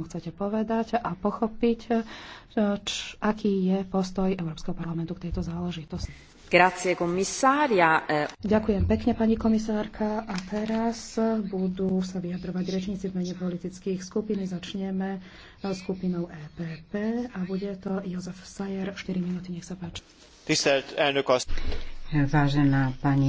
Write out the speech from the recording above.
chcete povedať a pochopiť, e, č, aký je postoj Európskeho parlamentu k tejto záležitosti. Grazie, komisária. E, Ďakujem pekne, pani komisárka. A teraz budú sa vyjadrovať rečníci v mene politických skupín. Začneme e, skupinou EPP a bude to Jozef Sajer. 4 minúty, nech sa páči. Vážená pani